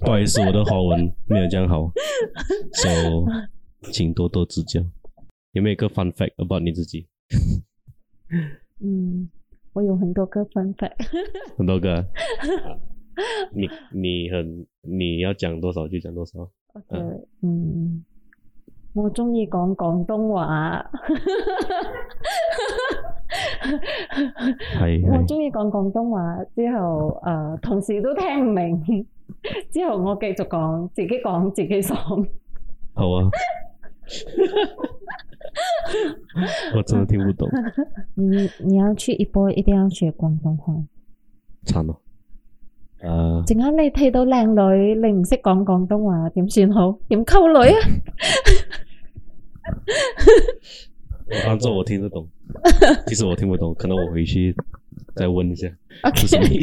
不好意思， 我的華文沒有講好，所 以、so, 請多多指教。有沒有一個 fun fact about 你自己？ 嗯，我有很多個 fun fact。 很多個、啊？你你很你要講多少就講多少？Okay, uh, 嗯，我中意講廣東話，係 我中意講廣東話之後，誒、呃，同事都聽唔明。 之後我繼續講，自己講自己爽。好啊， 我真的聽不懂。 你你要去直播，一定要學廣東話。慘咯，啊！陣間你睇到靚女，你唔識講廣東話，點算好？點溝女啊？ 我幫我聽得懂，其實我聽不懂，可能我回去再問一下，是什麼意